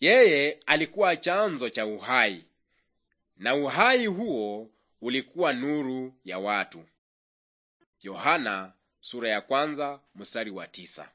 Yeye alikuwa chanzo cha uhai, na uhai huo ulikuwa nuru ya watu. Yohana sura ya kwanza mstari wa tisa.